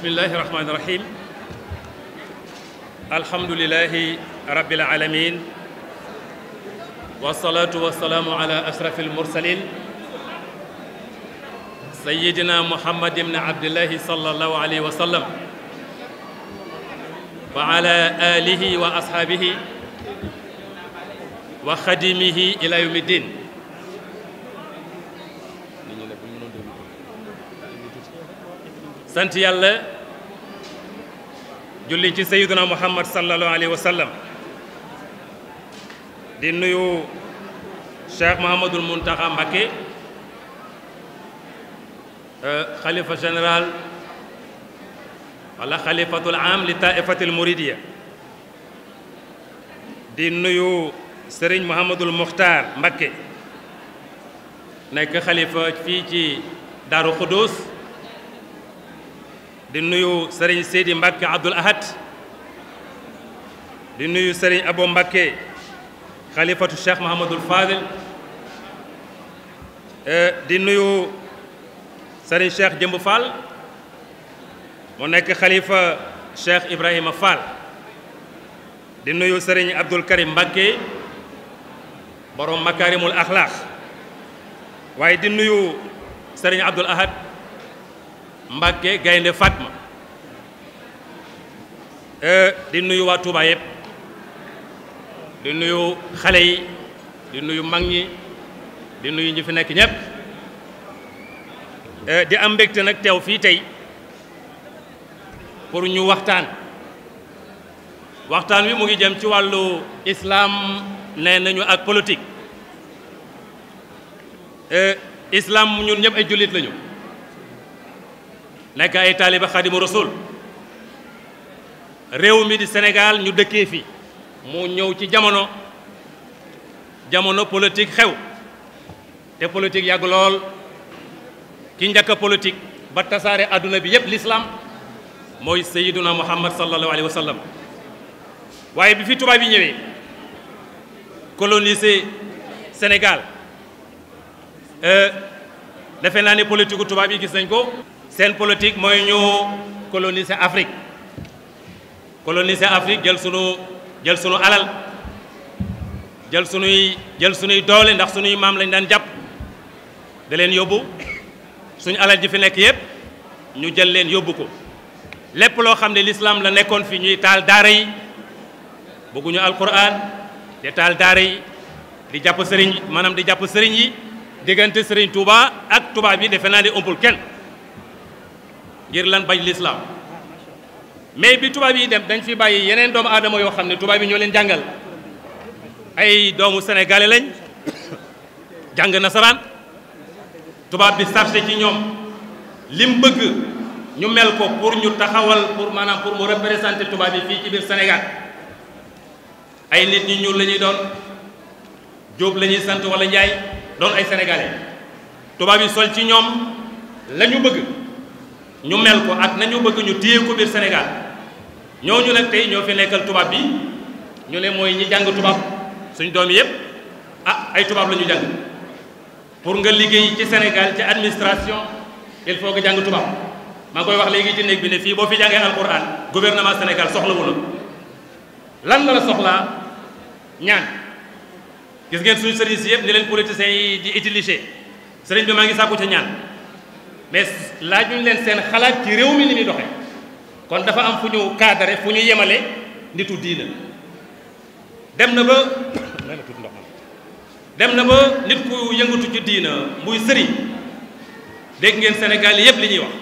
bismillahi rahmaani rahim alhamdulilahi rabbil alamin wasalaatu wasalaamu ala ashrafil mursalin sayidina muhammad ibn abdillahi sallallahu alayhi wa sallam wa ala alihi wa ashaabihi wa xadimihi ila yawmi ddin sant yàlla julli ci sayyiduna muhammad sallallahu alayhi wa di nuyu cheikh mahamadul muntaxa mbakke euh, xalifa général wala xalifatul am li taifatil muridiya di nuyu sëriñ muhammadul muxtaar mbakke nekk xalifa fii ci daaru xudus di nuyu sëriñ Seydi Mbacke Abdoul Ahad di nuyu sëriñ Abo Mbacke xalifatu Cheikh Mahamadul Fadil e di nuyu sëriñ Cheikh Jëmb Fall mu nekk xalifa Cheikh Ibrahima Fall di nuyu sëriñ Abdoul Karim Mbacke borom makaarimul axlaax waaye di nuyu sëriñ Abdoul Ahad Mbàkke Gaynde Fatma euh, di nuyu waa Touba yëpp di nuyu xale yi di nuyu mag ñi di nuyu ñi fi nekk ñëpp euh, di am mbégte nag teew fii tey pour ñu waxtaan waxtaan wi mu ngi jëm ci wàllu islaam nee nañu ak politique euh, islaam ñun ñëpp ay jullit lañu nekk ay taaliba xadimu rasul réew mi di Sénégal ñu dëkkee fi moo ñëw ci jamono jamono politique xew te politique yàgg lool ki njëkk a ba tasaare àdduna bi yépp l'islam mooy sayiduna muhammad sallallahu alayhi wa waaye bi fi tubaab yi ñëwee coloniser Sénégal euh, defe naa ne politique tubaab yi gis nañ ko seen politique mooy ñu coloniser Afrique coloniser Afrique jël sunu jël sunu alal jël sunuy jël sunuy doole ndax sunuy maam lañ daan jàpp da leen yóbbu suñu alal ji fi nekk yépp ñu jël leen yóbbu ko lépp loo xam ne lislaam la nekkoon fi ñuy taal daara yi bëgguñu alquran di taal daara yi di jàpp sëriñ maanaam di jàpp sëriñ yi diggante sëriñ Touba ak tubaab bi defe naa di ëmpul kenn ngir lan bañ lislaam mais bi tubaab yi dem dañ fi bàyyi yeneen doomu aadama yoo xam ne tubaab yi ñoo leen jàngal ay doomu sénégalais lañ jàng nasaraan tubaab bi sarse ci ñoom lim bëgg ñu mel ko pour ñu taxawal pour maanaam pour mu représenter tubaab yi fii ci biir ay nit ñu ñuul lañuy doon Jóob lañuy sant wala Njaay doon ay sénégalais tubaab yi sol ci ñoom la bëgg ñu mel ko ak nañu bëgg ñu téye ko biir Sénégal ñooñu nag tey ñoo fi nekkal tubaab bi ñu ne mooy ñi jàng tubaab suñ doom yëpp ah ay tubaab la ñu jàng pour nga liggéey ci Sénégal ci administration il faut que jàng tubaab maa ngi koy wax léegi ci néeg bi ne fii boo fi jàngee alquran gouvernement Sénégal soxlawu la lan la la soxlaa ñaan gis ngeen suñu service yëpp ni leen politiciens yi di utiliser sëriñ bi maa ngi sàkku ci ñaan mais laajuñ leen seen xalaat ci réew mi ni muy doxe kon dafa am fu ñu cadré fu ñu yemale nitu diina dem na ba dem na ba nit ku yëngatu ci diina muy sëriñ dégg ngeen Sénégal yépp li ñuy wax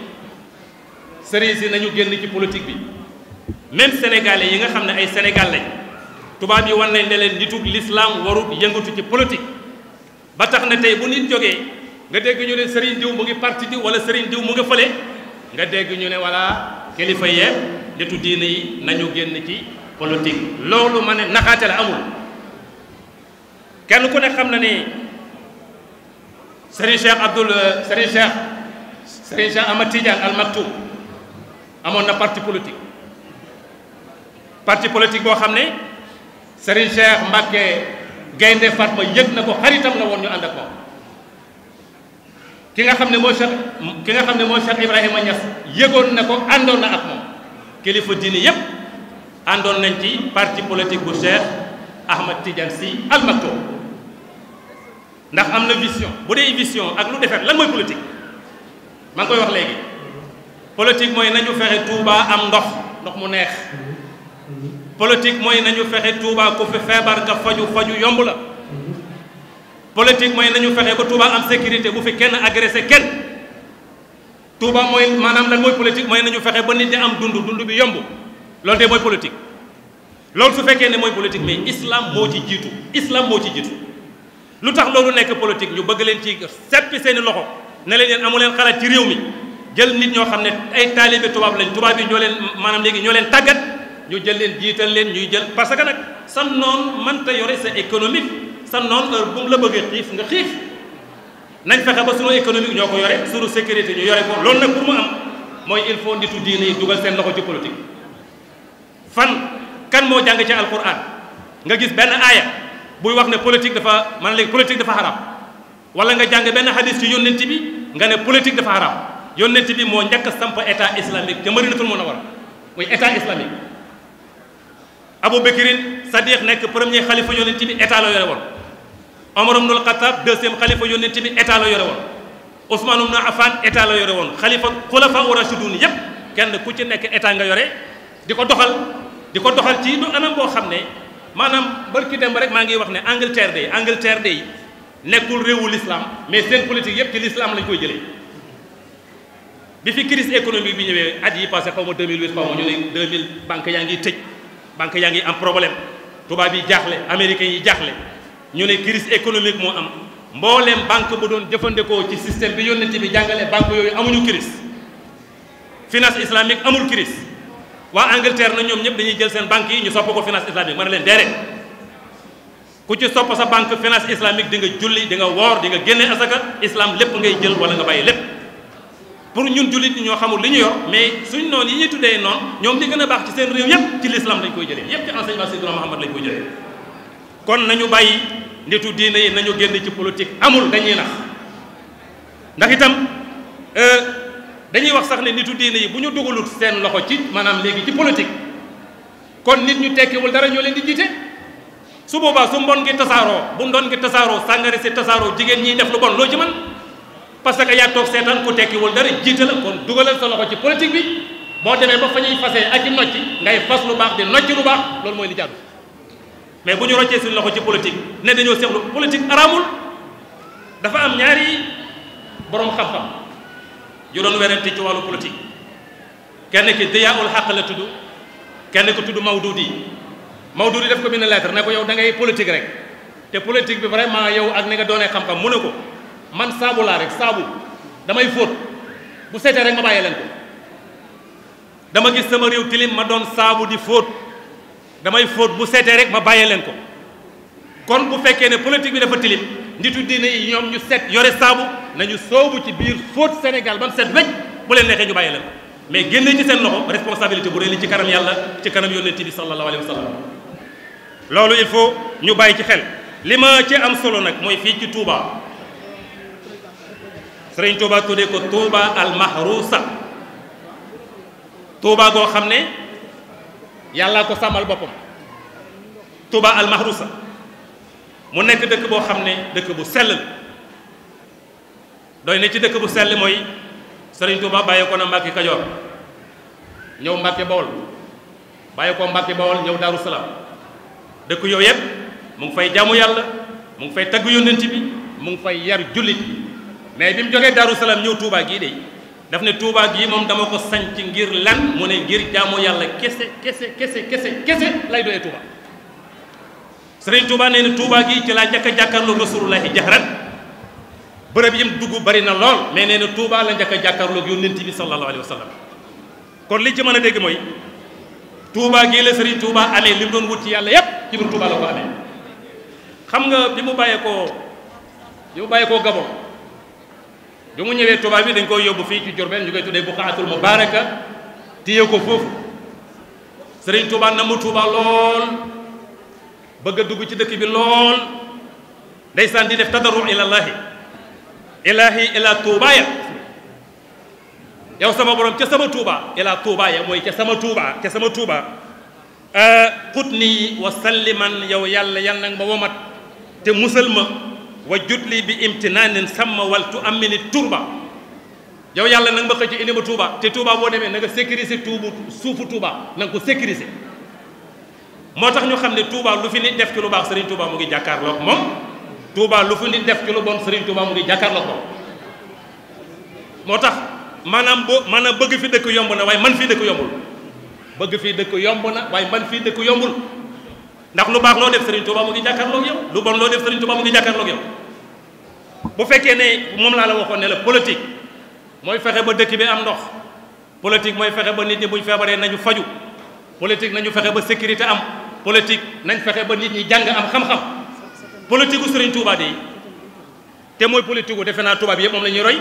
sëriñ si nañu génn ci politique bi même sénégalais yi nga xam ne ay Sénégal lañ tubaab yi wan nañ ne leen nitu l'islam warut yëngatu ci politique ba tax na tey bu nit jógee nga dégg ñu ne sëriñ diw mu ngi parti diw wala sëriñ diw mu nga fële nga dégg ñu ne wala kilifa yeeg nitu diine yi nañu génn ci politique loolu ma ne naxaate la amul kenn ku ne xam na ni sëriñ Cheikh Abdoul euh, sëriñ Cheikh sëriñ Cheikh Ahmad Tidiane amoon na parti politique parti politique boo xam ne sëriñ Cheikh Mbacke Gaynde Fatma yëg na ko xaritam la woon ñu ànd ak moom ki nga xam ne mooy Cheikh ki nga xam ne mooy Cheikh Ibrahima Niass yëgoon na ko àndoon na ak moom kilifa diine yépp àndoon nañ ci parti politique bu Cheikh Ahmad Tidiane Sy Al Maktoum ndax am na vision bu dee vision ak lu defee lan mooy politique maa ngi koy wax léegi politique mooy nañu fexe Touba am ndox ndox mu neex politique mooy nañu fexe Touba ku fi feebar nga faju faju yomb la politique mooy nañu fexe ba Touba am sécurité bu fi kenn agressé kenn Touba mooy maanaam lan mooy politique mooy nañu fexe ba nit ñi am dund dund bi yomb loolu de mooy politique. loolu su fekkee ne mooy politique mais islam moo ci jiitu islam moo ci jiitu lu tax loolu nekk politique ñu bëgg leen ci seppi seeni loxo ne leen yéen amu leen xalaat ci réew mi jël nit ñoo xam ne ay taalibe tubaab lañ tubaab yi ñoo leen maanaam léegi ñoo leen tàggat ñu jël leen jiital leen ñuy jël parce que nag sam noonu mënta yore sa économique. sa noon heure bu la bëggee xiif nga xiif nañ fexe ba sunu économie ñoo ko yore sunu sécurité ñu yore ko loolu nag pour mu am mooy il faut nitu diine yi dugal seen loxo ci politique fan kan moo jàng ci alquran nga gis benn aaya buy wax ne politique dafa man léegi politique dafa xaraam wala nga jàng benn hadis ci yónnent bi nga ne politique dafa xaraam yónnent bi moo njëkk samp état islamique te Madinatul Munawwara muy état islamique Abu Bakrin Sadiq nekk premier xalifa yónnent bi état la yore woon Omar ibnul Xattaab deuxième xalifa yónnent bi état la yore woon Ousmane ibnu Affan état la yore woon xalifa a rashidun yépp kenn ku ci nekk état nga yore di ko doxal di ko doxal ci du anam boo xam ne maanaam barki dem rek maa ngi wax ne Angleterre day Angleterre day nekkul réewu l'islam mais seen politique yépp ci l'islam lañ koy jëlee bi fi crise économique bi ñëwee at yi passé xaw ma 2008 xaw ma ñu banque yaa ngi tëj banque yaa ngi am problème tubaab yi jaaxle américains yi jaaxle ñu ne crise économique moo am mbooleem banque bu doon jëfandikoo ci système bi yónnent bi jàngale banque yooyu amuñu crise finance islamique amul crise waa Angleterre na ñoom ñëpp dañuy jël seen banque yi ñu sopp ko finance islamique ma ne leen déedéet ku ci sopp sa banque finance islamique di julli di nga woor di nga génne asaka islam lépp ngay jël wala nga bàyyi lépp pour ñun jullit ñi ñoo xamul li ñu yor mais suñ noonu yi ñuy tuddee noonu ñoom li gën a baax ci seen réew yépp ci l'islam lañ koy jëlee yépp ci enseignement Seydina Muhammad lañ koy kon nañu bàyyi nitu diine yi nañu génn ci politique amul dañuy nax ndax itam euh, dañuy wax sax ne nitu diine yi bu ñu dugalut seen loxo ci maanaam léegi ci politique kon nit ñu tekkiwul dara ñoo leen di jiite su boobaa su mbon ngi tasaaroo bu ndon ngi tasaaroo sàngari si tasaaroo jigéen ñiy def lu bon loo ci man parce que yaa toog seetaan ku tekkiwul dara jiite la kon dugalal sa loxo ci politique bi boo demee ba fa ñuy fasee ak ci nocci ngay fas lu baax di nocci lu baax loolu mooy li mais bu ñu roccee suñu loxo ci politique ne dañoo seexlu politique araamul dafa am ñaari borom xam-xam yu doon werante ci wàllu politique kenn ki Diyaa'ul Haqq la tudd kenn ko tudd Mawdudi Mawdudi def ko benn lettre ne ko yow da ngay politique rek te politique bi vraiment yow ak ni nga doonee xam-xam mu ne ko man saabu laa rek saabu damay fóot bu seetee rek ma bàyyi leen ko dama gis sama réew tilim ma doon saabu di fóot damay fóot bu seetee rek ma bàyyee leen ko kon bu fekkee ne politique bi dafa tilim nitu diine yi ñoom ñu seet yore saabu nañu soobu ci biir fóot Sénégal ba mu seet wecc bu leen neexee ñu bàyyee leen ko mais génne ci seen loxo responsabilité bu rëy li ci kanam yàlla ci kanam yónnent bi sallallahu alayhi wa sallam loolu il faut ñu bàyyi ci xel li ma ci am solo nag mooy fii ci Touba Sëriñ Touba tuddee ko Touba al Mahrousa Touba goo xam ne yàllaa ko sàmmal boppam Touba al mu nekk dëkk boo xam ne dëkk bu sell la doy na ci dëkk bu sell mooy Serigne Touba bàyyi ko na Mbàkke Kajoor ñëw Mbàkke Bawol bàyyi ko Mbàkke Bawol ñëw Daaru Salaam dëkk yooyu yëpp mu ngi fay jaamu yàlla mu ngi fay tagg yónnent bi mu ngi fay yar jullit mais bi mu jógee Daaru Salaam ñëw Touba gii de. daf ne Touba gii moom dama ko sanc ngir lan mu ne ngir jaamu yàlla kese kese kese kese kese lay doyee Touba Sëriñ Touba nee na Touba gii ci laa jàkka jàkkaarloo Rasulullahi jaxarat bërëb yim dugg bari na lool mais nee na Touba la jàkka jàkkaarloo yónnent bi sallallahu alayhi wa kon li ci mën a dégg mooy Touba gii la Sëriñ Touba amee li doon wut ci yàlla yépp ci biir Touba la ko amee xam nga bi mu bàyyee koo bi mu bàyyee koo gaboo bi mu ñëwee tubaab bi dañ koy yóbbu fii ci Jurbel ñu koy tuddee buqaatul mubaaraka téye ko foofu sëriñ Tuubaa na mu Tuubaa lool bëgg a dugg ci dëkk bi lool ndeysaan di def tadarru ilallaahi ilaahi ilaa tuubaaya yow sama borom ca sama tuubaa ilaa tuubaaya mooy ca sama tuubaa ca sama tuubaa xut nii wa salliman yow yàlla yàlla nag ma womat te musal wa jutli bi imtinaanin sàmm wal tu amini turba yow yàlla na nga ma xëcc indi ma Touba te Touba boo demee nanga nga sécuriser tuubu suufu Touba na nga ko sécuriser moo tax ñu xam ne Touba lu fi nit def ci lu baax Serigne Touba mu ngi jàkkaarloog moom Touba lu fi nit def ci lu bon Serigne Touba mu ngi jàkkaarloog moom moo tax maanaam boo maanaam bëgg fi dëkk yomb na waaye man fii dëkk yombul bëgg fii dëkk yomb na waaye man fii dëkk yombul ndax lu baax loo def Serigne Touba mu ngi jàkkaarloog yow lu bon loo def Serigne Touba mu ngi jàkkaarloog yow bu fekkee ne moom laa la waxoon ne la politique mooy fexe ba dëkk bi am ndox politique mooy fexe ba nit ñi buñ feebaree nañu faju politique nañu fexe ba sécurité am politique nañ fexe ba nit ñi jàng am xam-xam politique u Serigne Touba de te mooy politique u defe naa tubaab yëpp moom la ñuy roy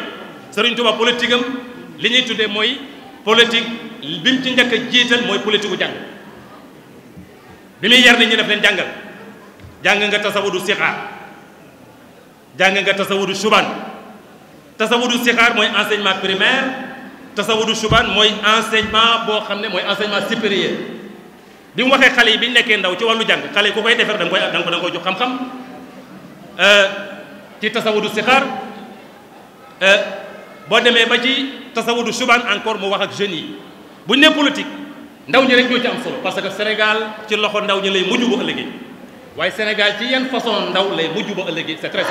Serigne Touba politique li ñuy tuddee mooy politique bi mu ci njëkk jiital mooy politique u jàng bi muy yar nit ñu def leen jàngal jàng nga tasawu du sixaar jàng nga tasawudu suban tasawudu sixaar mooy enseignement primaire tasawudu suban mooy enseignement boo xam ne mooy enseignement supérieur bi mu waxee xale yi bi ñu nekkee ndaw ci wàllu jàng xale yi ku koy defar da nga koy da nga koy jox xam-xam euh, ci tasawudu sixaar euh, boo demee ba ci tasawudu suban encore mu wax ak jeunes yi buñ ne politique ndaw ñi rek ñoo ci am solo parce que Sénégal ci loxo ndaw ñi lay mujj bu ëllëgee waaye Sénégal ci yan façon ndaw lay mujj ba ëllëgee c'est très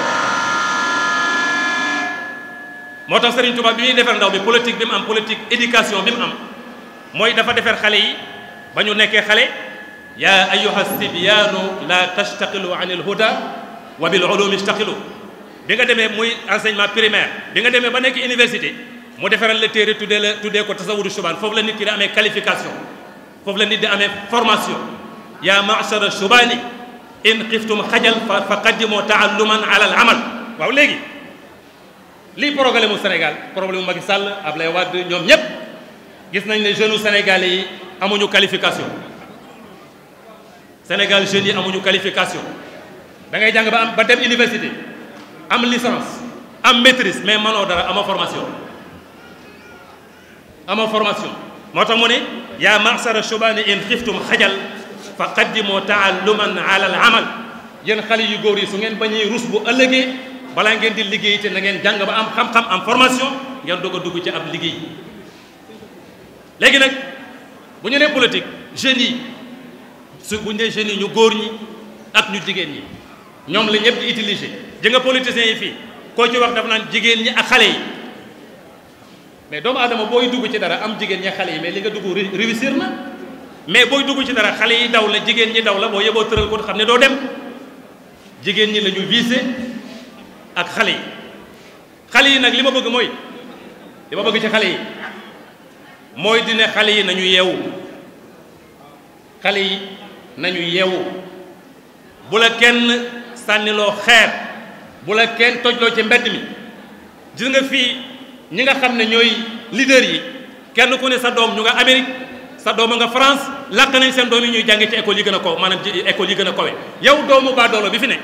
moo tax Serigne Touba bi muy defar ndaw bi politique bi mu am politique éducation bi mu am mooy dafa defar xale yi ba ñu nekkee xale yaa ayyuha sibyaanu la tastaqilu an il huda wa bil ulum istaqilu bi nga demee muy enseignement primaire bi nga demee ba nekk université mu defaral la téere tuddee la tuddee ko tasawudu subaan foofu la nit ki di amee qualification foofu la nit di amee formation yaa ma'shara subaani in xiftum xajal fa qaddimoo taalluman ala al amal waaw léegi lii problème mu Sénégal problème mu Macky Sall Ablaye Wade ñoom ñëpp gis nañ ne jeunes sénégalais yi amuñu qualification Sénégal jeunes yi amuñu qualification dangay jàng ba am ba dem université am licence am maîtrise mais manoo dara amoo formation amoo formation moo tax mu ne yaa masara shubaani in xiftum xajal fa qaddimoo taalluman ala al amal yenn xale yu góor yi su ngeen bañuy rus bu ëllëgee balaa ngeen di liggéey te na ngeen jàng ba am xam-xam am formation ngeen doog a dugg ci am liggéey léegi nag bu ñu nee politique jeunes yi su bu ñu nee jeunes ñu góor ñi ak ñu jigéen ñi ñoom la ñëpp utiliser ji nga politiciens yi fii koo ci wax dafa naan jigéen ñi ak xale yi mais doomu aadama booy dugg ci dara am jigéen ñi xale yi mais li nga dugg réussir na mais booy dugg ci dara xale yi daw la jigéen ñi daw la boo yeboo tëral ko xam ne doo dem jigéen ñi la ñu ak xale yi xale yi nag li ma bëgg mooy li ma bëgg ci xale yi mooy dina xale yi nañu yeewu xale yi nañu yeewu bu la kenn sànniloo xeer bu la kenn tojloo ci mbedd mi gis nga fii ñi nga xam ne ñooy leader yi kenn ku ne sa doom ñu nga Amérique sa doom a nga France làkk nañ seen doom yi ñuy jànge ci école yi gën a kaw maanaam ci école yi gën a kawe yow doomu baadoola bi fi ne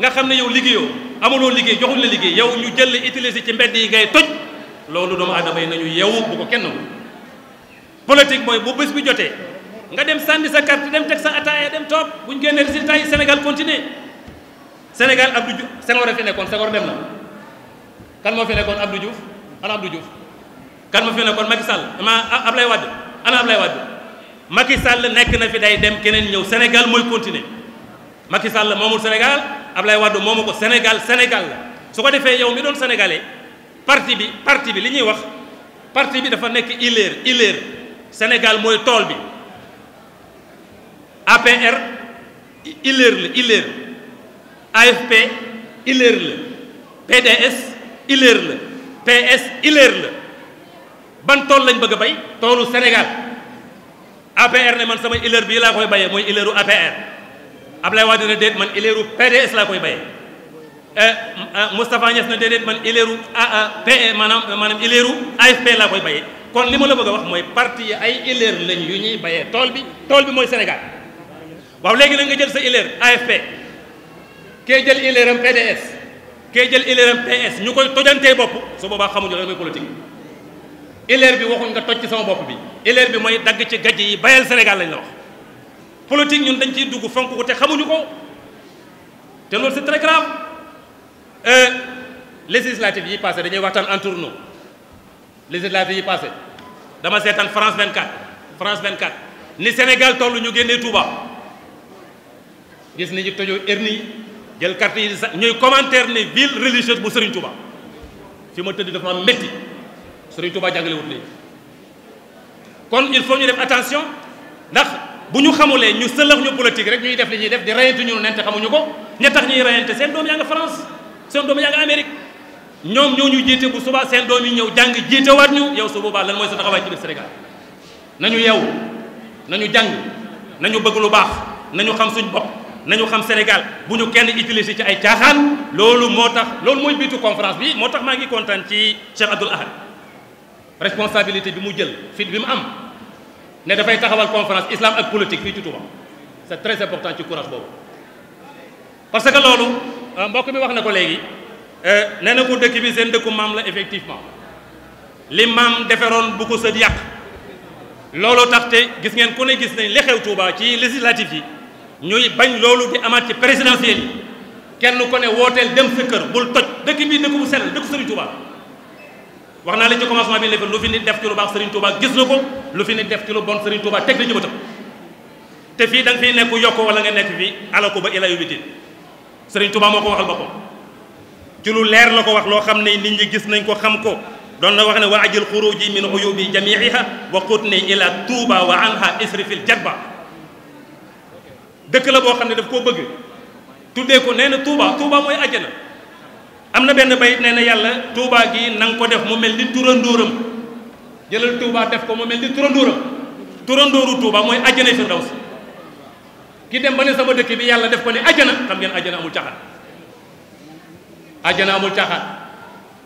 nga xam ne yow liggéeyoo amuloo liggéey joxuñ na liggéey yow ñu jël utiliser ci mbedd yi ngay toj loolu doomu aadama yi nañu yeewu bu ko kenn politique mooy bu bés bi jotee nga dem sànni sa carte dem teg sa ataaya dem toog bu ñu génnee résultat yi Sénégal continuer Sénégal Abdou Diouf Senghor a fi nekkoon Senghor dem na kan moo fi nekkoon Abdou Diouf ana Abdou Diouf kan moo Sall ma Ablaye Wade ana Ablaye Wade Macky Sall nekk na fi day dem keneen ñëw Sénégal mooy continuer Macky Sall moomul Sénégal Ablaye Wade moomu ko senegal senegal la su ko defee yow mi doon senegalee parti bi parti bi li ñuy wax parti bi dafa nekk ileer ileer Sénégal mooy tool bi APR ileer la ileer AFP ileer la PDS ileer la PS ileer la ban tool lañ bëgg a bay toolu Sénégal APR ne man sama ileer bii laa koy bayee mooy ileeru APR Ablaye Wade na déet man ileeru PDS laa koy bayee eh, eh, Moustapha Niass na déedéet man ileeru ah, ah, PE maanaam eh, maanaam ileeru AFP laa koy bayee kon li ma la bëgg a wax mooy parti yi ay ileer lañ yu ñuy bayee tool bi tool bi mooy Sénégal waaw léegi na nga jël sa ileer AFP kee jël ileeram PDS kee jël ileeram PS ñu koy tojantee bopp su boobaa xamuñu lan mooy politique ileer bi waxuñ nga toj ci sama bopp bi ileer bi mooy dagg ci gajj yi bayal Sénégal lañ la wax politique ñun dañ ciy dugg fonk ko te xamuñu ko te loolu c'est très grave euh, législative yi passé dañuy waxtaan en tournoi législative yi passé dama seetaan France 24 France 24 ni Sénégal toll ñu génnee tuuba gis ni ñu tojoo hernie yi jël carte yi sax ñuy commentaire ne ville religieuse bu Serigne Touba fi ma tëdd dafa am métti Serigne Touba jàngale wut nii kon il faut ñu def attention ndax. bu ñu xamulee ñu sëlëx ñu politique rek ñuy def li ñuy def di rayante ñu nente xamuñu ko ña tax ñuy rayante seen doom yaa nga France seen doom yaa nga Amérique ñoom ñoo ñu jiite bu subaa seen doom yi ñëw jàng jiitewaat ñu yow su boobaa lan mooy sa taxawaay ci biir Sénégal nañu yew nañu jàng nañu bëgg lu baax nañu xam suñ bopp nañu xam Sénégal bu ñu kenn utilisé ci ay caaxaan loolu moo tax loolu mooy biitu conférence bi moo tax maa ngi kontaan ci Cheikh Abdoul Ahad bi mu jël fit bi mu am ne dafay taxawal conférence islam ak politique fii ci Touba c'est très important ci courage boobu parce que loolu euh, mbokk mi wax na ko léegi euh, nee na ko dëkk bi seen dëkku maam la effectivement li maam deferoon bu ko sët yàq loolu tax te gis ngeen ku ne gis nañ li xew Touba ci législative yi ñuy bañ loolu bi amaat ci présidentielle yi kenn ku ne wooteel dem sa kër bul toj dëkk bi dëkk bu sell dëkk Sëriñ Touba wax naa leen ci commencement bi lépp lu fi nit def ci lu baax Serigne Touba gis na ko lu fi nit def ci lu bon Serigne Touba teg na ñu te fii da nga fiy nekk yokk wala nga nekk fii ko ba ila yu bitin Serigne Touba moo ko waxal boppam ci lu leer la ko wax loo xam ne nit ñi gis nañ ko xam ko doon na wax ne waa wa ajil xuruji min uyubi jamiiha wa qutni ila Touba wa anha isrifil jadba dëkk la boo xam ne daf koo bëgg tuddee ko nee na Touba Touba mooy àjjana am na benn bayit nee na yàlla tuubaa gi na nga ko def mu mel ni turandóoram jëlal tuubaa def ko mu mel ni turandóoram turandóoru tuubaa mooy ajjana firdaws ki dem ba ne sama dëkk bi yàlla def ko ne ajjana xam ngeen ajjana amul caaxaan ajjana amul caaxaan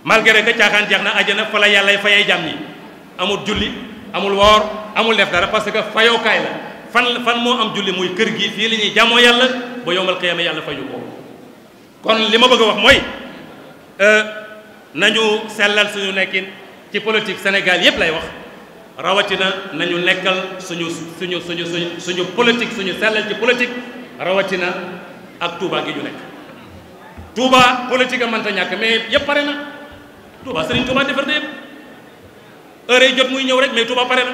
malgré que caaxaan jeex na ajjana fa la yàlla fayee jàmm yi amul julli amul woor amul def dara parce que fayookaay la fan fan moo am julli muy kër gi fii lañuy ñuy jàmmoo yàlla ba yombal xiyama yàlla fayu ko wax mooy Euh, nañu sellal suñu nekkin ci politique Sénégal yépp lay wax rawatina nañu nekkal suñu suñu suñu suñu suñu politique suñu sellal ci politique rawatina ak Touba gi ñu nekk. Touba politique a mënta ñàkk mais yépp pare na Touba Serigne Touba defar na yépp heure yi jot muy ñëw rek mais Touba pare na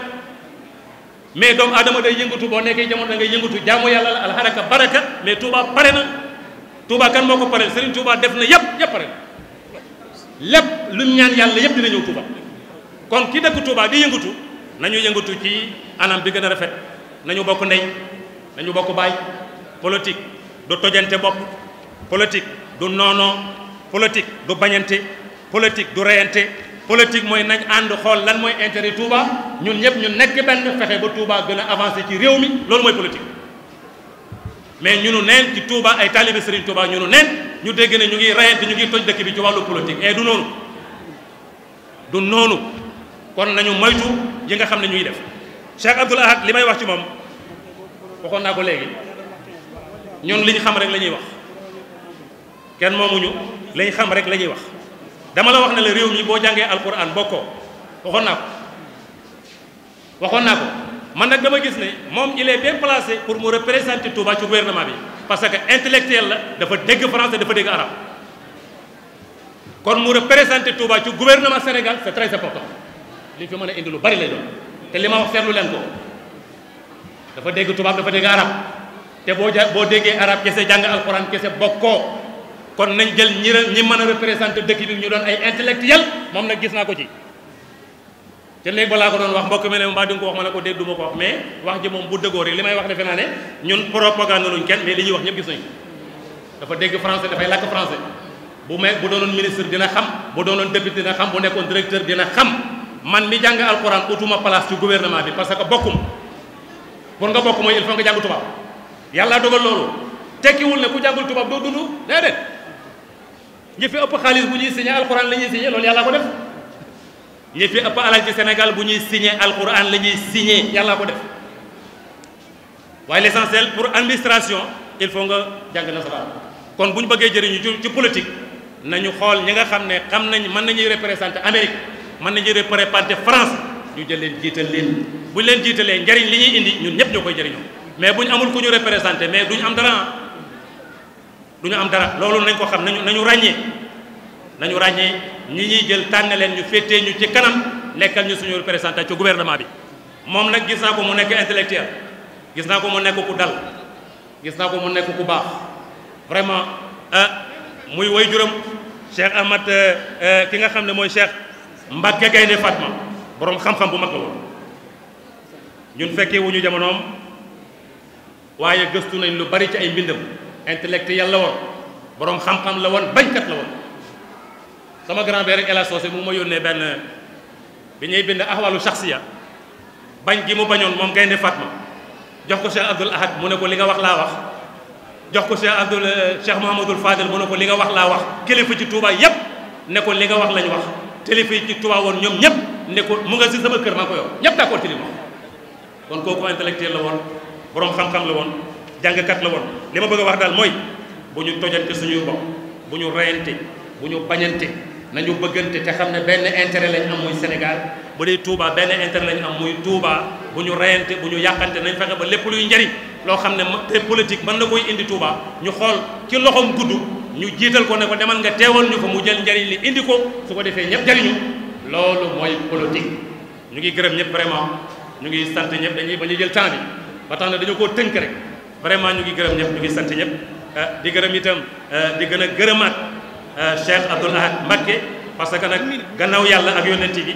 mais aadama day yëngatu boo nekkee jamono da ngay yëngatu jaamu yàlla la alxaraka baraka mais Touba pare na Touba kan moo ko pareel Serigne Touba def na yépp yépp pare na. lépp lu ñaan yàlla yëpp dina ñëw Touba kon ki dëkk Touba bi yëngatu nañu yëngatu ci anam bi gën a rafet nañu bokk ndey nañu bokk baay politique du tojante bopp politique du noonoo politique du bañante politique du reyante politique mooy nañ ànd xool lan mooy intérêt Touba ñun ñëpp ñu nekk benn fexe ba Touba gën a avancé ci réew mi loolu mooy politique mais ñunu neen ci Touba ay taalibe Serigne Touba ñunu neen ñu dégg ne ñu ngi rayante ñu ngi toj dëkk bi ci wàllu politique et eh, du noonu du noonu kon nañu moytu yi nga xam ne ñuy def Cheikh Abdoul Ahad li may wax ci moom waxoon naa ko léegi ñun liñ xam rek la ñuy wax kenn moomuñu li xam rek la ñuy wax dama la wax ne la réew mi boo jàngee alquran bokkoo waxoon naa ko waxoon naa ko man nag dama gis ne moom il est bien pour mu représenter Touba ci gouvernement bi parce que intellectuel la dafa dégg français dafa dégg arabe kon mu représenté Touba ci gouvernement Sénégal c'est très important li fi mën a indi lu bari lay doon te li ma wax leen ko dafa dégg tubaab dafa dégg arab te boo ja boo déggee arab kese jàng alxuraan kese bokkoo kon nañ jël ñi ñi mën a représenté dëkk bi ñu doon ay intellectuel moom nag gis naa ko ci te léegi balaa ko doon wax mbokk mi ne mbaa di ko wax ma ne ko dégg du ma ko wax mais wax ji moom bu dëggoo rek li may wax defe naa ne ñun propagande luñ kenn mais li ñuy wax ñëpp gis nañ dafa dégg français dafay làkk français bu may bu doonoon ministre dina xam bu doonoon député dina xam bu nekkoon directeur dina xam man mi jàng alxuraan utuma place ci gouvernement bi parce que bokkum pour nga bokk mooy il faut nga jàng tubaab yàlla dogal loolu tekkiwul ne ku jàngul tubaab doo dund déedéet ñi fi ëpp xaalis bu ñuy signé alxuraan la ñuy signé ñépp fi ëpp alal ci Sénégal bu ñuy signé alquran la ñuy signé yàlla ko def waaye l'essentiel pour administration il faut nga jàng nasaraan kon bu ñu bëggee jëriñu ci politique nañu xool ñi nga xam ne xam nañu mën nañuy représenter Amérique mën nañuy représenter France ñu jël leen jiital leen bu ñu leen jiitalee njariñ li ñuy indi ñun ñëpp ñoo koy jëriñoo mais bu ñu amul ku ñu représenter mais du ñu am dara ah. du ñu am dara loolu nañ ko xam nañu nañu ràññee nañu ràññee. ñi ñuy jël tànn leen ñu féetee ñu ci kanam nekkal ñu suñu représentant ci gouvernement bi moom nag gis naa ko mu nekk intellectuel gis naa ko mu nekk ku dal gis naa ko mu nekk ku baax vraiment euh, muy way juram Cheikh Ahmad euh, euh, ki nga xam ne mooy Cheikh Mbacke Gaynde Fatma borom xam-xam bu mag la woon ñun fekkee wu ñu jamonoom waaye gëstu nañ lu bari ci ay mbindam intellectuel la woon borom xam-xam la woon bañkat la woon. sama grand père rek El Hadj Socé mu ma yónnee benn bi ñuy bind axwalu shaxsiya bañ gi mu bañoon moom gaynde Fatma jox ko Cheikh Abdoul Ahad mu ne ko li nga wax laa wax jox ko Cheikh Abdoul Cheikh Mouhamadoul Fadel mu ne ko li nga wax laa wax kilifa ci Touba yépp ne ko li nga wax lañ wax kilifa ci Touba woon ñoom ñépp ne ko mu nga si sama kër maa ko yow ñépp d'accord ci li ma kon kooku intellectuel la woon boroom xam-xam la woon jàngkat la woon li ma bëgg a wax daal mooy bu ñu tojante suñuy bopp bu ñu reyante bu ñu bañante nañu bëggante te xam ne benn intérêt lañ am muy Sénégal bu dee Touba benn intérêt lañ am muy Touba bu ñu reyante bu ñu yàqante nañ fexe ba lépp luy njariñ loo xam ne te politique mën na koy indi Touba ñu xool ci loxoom gudd ñu jiital ko ne ko demal nga teewal ñu ko mu jël njariñ li indi ko su ko defee ñëpp jëriñu loolu mooy politique ñu ngi gërëm ñëpp vraiment ñu ngi sant ñëpp dañuy ba ñu jël temps bi ba tax na dañu koo tënk rek vraiment ñu ngi gërëm ñëpp ñu ngi sant ñëpp euh, di gërëm itam euh, di gën a gërëmaat Euh, Cheikh Abdoul Ahad Mbacké parce que nag gannaaw yàlla ak yonent bi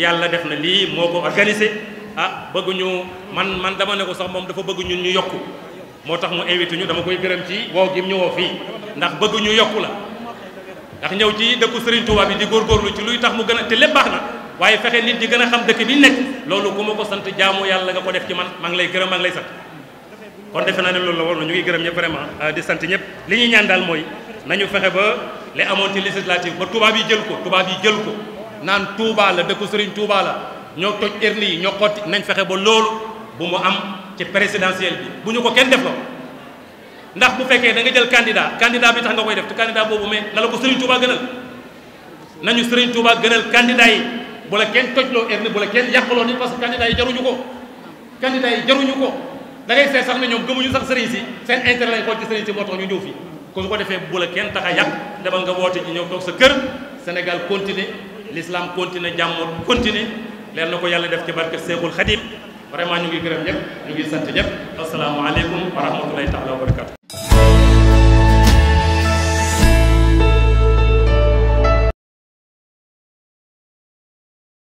yàlla def na lii moo ko organisé ah bëgguñu man man dama ne ko sax moom dafa bëgg ñun ñu yokk moo tax mu invité ñu dama koy gërëm ci woo gim ñu woo fii ndax bëgguñu ñu yokku la ndax ñëw ci dëkku Serigne Touba bi di góorgóorlu ci luy tax mu gën a te lépp baax na waaye fexe nit di gën a xam dëkk bi nekk loolu ku ko sant jaamu yàlla nga ko def ci man maa lay gërëm man lay sant kon defe naa ne loolu la war gërëm ñëpp vraiment ah, di sant ñëpp li ñuy ñaan daal mooy li amoon ci législative ba tubaab yi jël ko tubaab yi jël ko naan Touba la dëkku Serigne Touba la ñoo toj erni yi ñoo xotti nañ fexe ba loolu bu mu am ci présidentielle bi bu ñu ko kenn def la ndax bu fekkee da nga jël candidat candidat bi tax nga koy def te candidat boobu mais na la ko Serigne Touba gënal nañu Serigne Touba gënal candidat yi bu la kenn tojloo erni bu la kenn yàqaloo nit parce que candidat yi jaruñu ko candidat yi jaruñu ko da ngay seet sax ñoom gëmuñu sax sëriñ si seen intérêt lañ xool ci sëriñ si ñu ñëw fii ko su ko defee bu la kenn tax a yàq demal nga woote ñu ñëw toog sa kër Sénégal continuer l'islam continuer jàmm continuer leen na ko yàlla def ci barke Seexul Xadim vraiment ñu ngi gërëm ñëpp ñu ngi sant ñëpp asalaamualeykum wa rahmatullahi taala wa barakatu